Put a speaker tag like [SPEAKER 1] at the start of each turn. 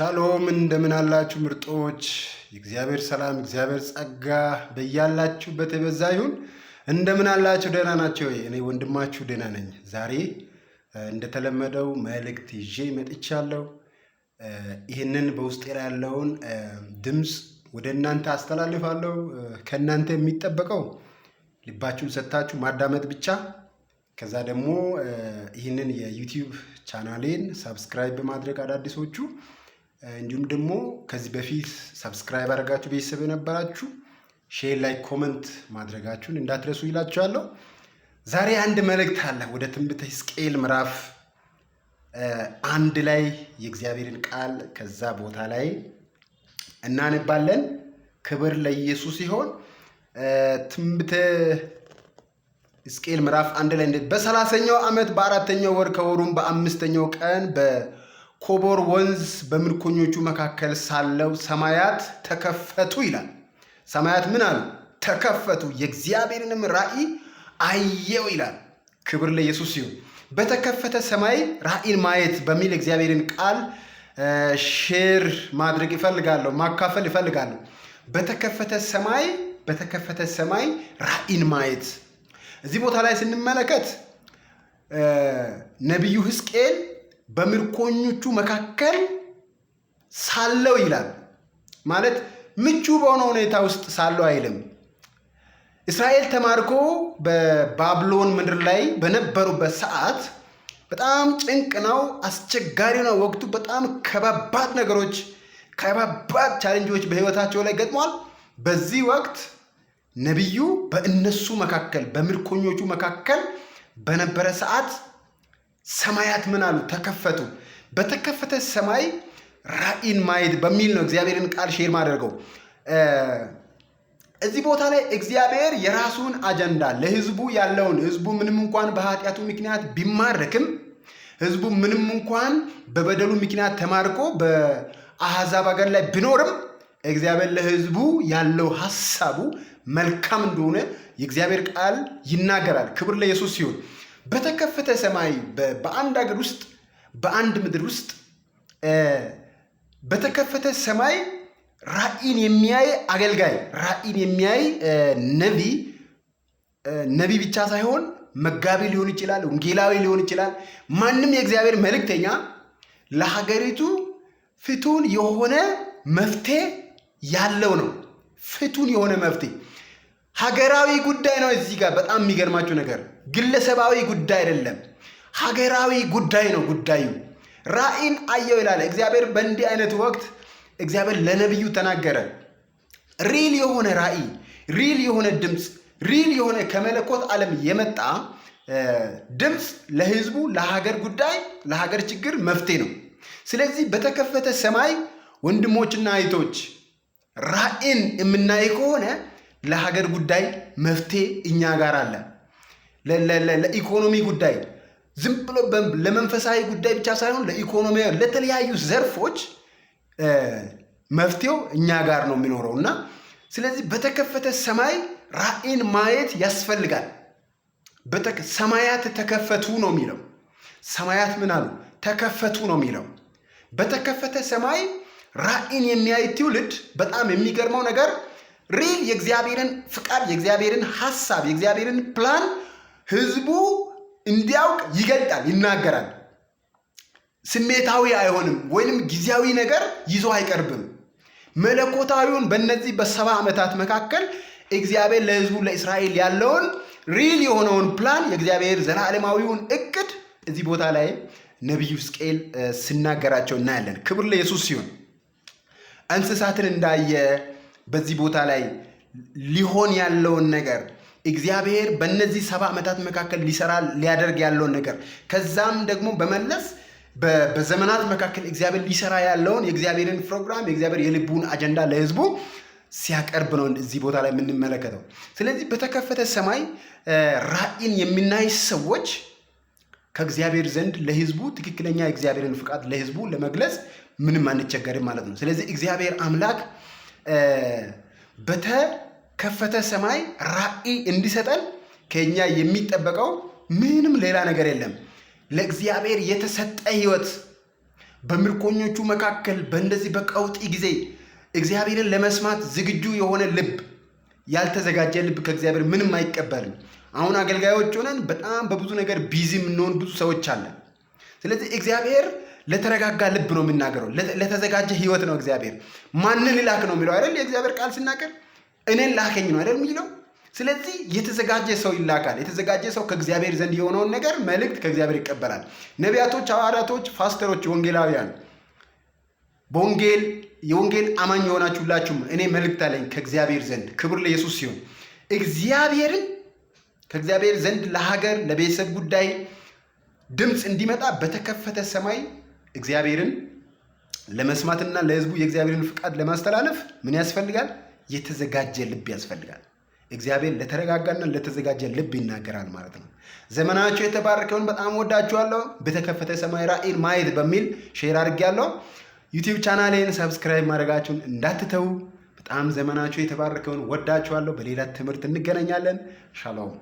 [SPEAKER 1] ሻሎም እንደምን አላችሁ ምርጦች? የእግዚአብሔር ሰላም እግዚአብሔር ጸጋ በያላችሁበት የበዛ ይሁን። እንደምን አላችሁ? ደህና ናቸው? እኔ ወንድማችሁ ደህና ነኝ። ዛሬ እንደተለመደው መልእክት ይዤ መጥቻለሁ። ይህንን በውስጤ ላይ ያለውን ድምፅ ወደ እናንተ አስተላልፋለሁ። ከእናንተ የሚጠበቀው ልባችሁን ሰጥታችሁ ማዳመጥ ብቻ ከዛ ደግሞ ይህንን የዩቲዩብ ቻናሌን ሳብስክራይብ በማድረግ አዳዲሶቹ እንዲሁም ደግሞ ከዚህ በፊት ሰብስክራይብ አድርጋችሁ ቤተሰብ የነበራችሁ ሼር ላይ ኮመንት ማድረጋችሁን እንዳትረሱ ይላችኋለሁ። ዛሬ አንድ መልእክት አለ። ወደ ትንቢተ ሕዝቅኤል ምዕራፍ አንድ ላይ የእግዚአብሔርን ቃል ከዛ ቦታ ላይ እናነባለን። ክብር ለኢየሱስ ሲሆን ትንቢተ ሕዝቅኤል ምዕራፍ አንድ ላይ በሰላሰኛው ዓመት በአራተኛው ወር ከወሩም በአምስተኛው ቀን ኮቦር ወንዝ በምርኮኞቹ መካከል ሳለው ሰማያት ተከፈቱ ይላል። ሰማያት ምን አሉ? ተከፈቱ፣ የእግዚአብሔርንም ራእይ አየው ይላል። ክብር ለኢየሱስ ይሁን። በተከፈተ ሰማይ ራእይን ማየት በሚል እግዚአብሔርን ቃል ሼር ማድረግ ይፈልጋለሁ፣ ማካፈል ይፈልጋለሁ። በተከፈተ ሰማይ በተከፈተ ሰማይ ራእይን ማየት እዚህ ቦታ ላይ ስንመለከት ነቢዩ ሕዝቅኤል በምርኮኞቹ መካከል ሳለው ይላል። ማለት ምቹ በሆነ ሁኔታ ውስጥ ሳለው አይልም። እስራኤል ተማርኮ በባብሎን ምድር ላይ በነበሩበት ሰዓት በጣም ጭንቅ ነው፣ አስቸጋሪ ነው ወቅቱ። በጣም ከባባድ ነገሮች፣ ከባባድ ቻለንጆች በህይወታቸው ላይ ገጥሟል። በዚህ ወቅት ነቢዩ በእነሱ መካከል በምርኮኞቹ መካከል በነበረ ሰዓት ሰማያት ምን አሉ? ተከፈቱ። በተከፈተ ሰማይ ራእይን ማየት በሚል ነው እግዚአብሔርን ቃል ሼር ማደርገው። እዚህ ቦታ ላይ እግዚአብሔር የራሱን አጀንዳ ለህዝቡ ያለውን ህዝቡ ምንም እንኳን በኃጢአቱ ምክንያት ቢማረክም ህዝቡ ምንም እንኳን በበደሉ ምክንያት ተማርቆ በአሕዛብ አገር ላይ ቢኖርም እግዚአብሔር ለህዝቡ ያለው ሀሳቡ መልካም እንደሆነ የእግዚአብሔር ቃል ይናገራል። ክብር ለኢየሱስ ሲሆን በተከፈተ ሰማይ በአንድ ሀገር ውስጥ በአንድ ምድር ውስጥ በተከፈተ ሰማይ ራእይን የሚያይ አገልጋይ ራእይን የሚያይ ነቢ ነቢ ብቻ ሳይሆን መጋቢ ሊሆን ይችላል፣ ወንጌላዊ ሊሆን ይችላል። ማንም የእግዚአብሔር መልእክተኛ ለሀገሪቱ ፍቱን የሆነ መፍትሄ ያለው ነው። ፍቱን የሆነ መፍትሄ ሀገራዊ ጉዳይ ነው። እዚህ ጋር በጣም የሚገርማችሁ ነገር ግለሰባዊ ጉዳይ አይደለም፣ ሀገራዊ ጉዳይ ነው። ጉዳዩ ራእይን አየው ይላል እግዚአብሔር። በእንዲህ አይነት ወቅት እግዚአብሔር ለነቢዩ ተናገረ። ሪል የሆነ ራእይ፣ ሪል የሆነ ድምፅ፣ ሪል የሆነ ከመለኮት ዓለም የመጣ ድምፅ ለህዝቡ ለሀገር ጉዳይ ለሀገር ችግር መፍትሄ ነው። ስለዚህ በተከፈተ ሰማይ ወንድሞችና አይቶች ራእይን የምናይ ከሆነ ለሀገር ጉዳይ መፍትሄ እኛ ጋር አለ። ለኢኮኖሚ ጉዳይ ዝም ብሎ ለመንፈሳዊ ጉዳይ ብቻ ሳይሆን ለኢኮኖሚ ለተለያዩ ዘርፎች መፍትሄው እኛ ጋር ነው የሚኖረው እና ስለዚህ በተከፈተ ሰማይ ራዕይን ማየት ያስፈልጋል። ሰማያት ተከፈቱ ነው የሚለው። ሰማያት ምን አሉ? ተከፈቱ ነው የሚለው። በተከፈተ ሰማይ ራዕይን የሚያይ ትውልድ በጣም የሚገርመው ነገር ሪል የእግዚአብሔርን ፍቃድ፣ የእግዚአብሔርን ሀሳብ፣ የእግዚአብሔርን ፕላን ህዝቡ እንዲያውቅ ይገልጣል፣ ይናገራል። ስሜታዊ አይሆንም፣ ወይንም ጊዜያዊ ነገር ይዞ አይቀርብም። መለኮታዊውን በእነዚህ በሰባ ዓመታት መካከል እግዚአብሔር ለህዝቡ ለእስራኤል ያለውን ሪል የሆነውን ፕላን የእግዚአብሔር ዘላለማዊውን እቅድ እዚህ ቦታ ላይ ነቢዩ ሕዝቅኤል ሲናገራቸው እናያለን። ክብር ለኢየሱስ ሲሆን እንስሳትን እንዳየ በዚህ ቦታ ላይ ሊሆን ያለውን ነገር እግዚአብሔር በእነዚህ ሰባ ዓመታት መካከል ሊሰራ ሊያደርግ ያለውን ነገር ከዛም ደግሞ በመለስ በዘመናት መካከል እግዚአብሔር ሊሰራ ያለውን የእግዚአብሔርን ፕሮግራም የእግዚአብሔር የልቡን አጀንዳ ለሕዝቡ ሲያቀርብ ነው እዚህ ቦታ ላይ የምንመለከተው። ስለዚህ በተከፈተ ሰማይ ራእይን የሚናይ ሰዎች ከእግዚአብሔር ዘንድ ለሕዝቡ ትክክለኛ የእግዚአብሔርን ፍቃድ ለሕዝቡ ለመግለጽ ምንም አንቸገርም ማለት ነው። ስለዚህ እግዚአብሔር አምላክ በተከፈተ ሰማይ ራዕይ እንዲሰጠን ከኛ የሚጠበቀው ምንም ሌላ ነገር የለም። ለእግዚአብሔር የተሰጠ ህይወት በምርኮኞቹ መካከል በእንደዚህ በቀውጢ ጊዜ እግዚአብሔርን ለመስማት ዝግጁ የሆነ ልብ፣ ያልተዘጋጀ ልብ ከእግዚአብሔር ምንም አይቀበልም። አሁን አገልጋዮች ሆነን በጣም በብዙ ነገር ቢዚ የምንሆን ብዙ ሰዎች አለን። ስለዚህ እግዚአብሔር ለተረጋጋ ልብ ነው የምናገረው። ለተዘጋጀ ህይወት ነው እግዚአብሔር ማንን ይላክ ነው የሚለው አይደል? የእግዚአብሔር ቃል ሲናገር እኔን ላከኝ ነው አይደል የሚለው። ስለዚህ የተዘጋጀ ሰው ይላካል። የተዘጋጀ ሰው ከእግዚአብሔር ዘንድ የሆነውን ነገር መልእክት ከእግዚአብሔር ይቀበላል። ነቢያቶች፣ ሐዋርያቶች፣ ፓስተሮች፣ ወንጌላውያን በወንጌል የወንጌል አማኝ የሆናችሁላችሁም እኔ መልእክት አለኝ ከእግዚአብሔር ዘንድ ክብር ለኢየሱስ ሲሆን እግዚአብሔርን ከእግዚአብሔር ዘንድ ለሀገር ለቤተሰብ ጉዳይ ድምፅ እንዲመጣ በተከፈተ ሰማይ እግዚአብሔርን ለመስማትና ለህዝቡ የእግዚአብሔርን ፍቃድ ለማስተላለፍ ምን ያስፈልጋል? የተዘጋጀ ልብ ያስፈልጋል። እግዚአብሔር ለተረጋጋና ለተዘጋጀ ልብ ይናገራል ማለት ነው። ዘመናቸው የተባረከውን በጣም ወዳችኋለሁ። በተከፈተ ሰማይ ራእይን ማየት በሚል ሼር አድርጌያለሁ። ዩቲዩብ ቻናሌን ሰብስክራይብ ማድረጋችሁን እንዳትተዉ። በጣም ዘመናቸው የተባረከውን ወዳችኋለሁ። በሌላ ትምህርት እንገናኛለን። ሻሎም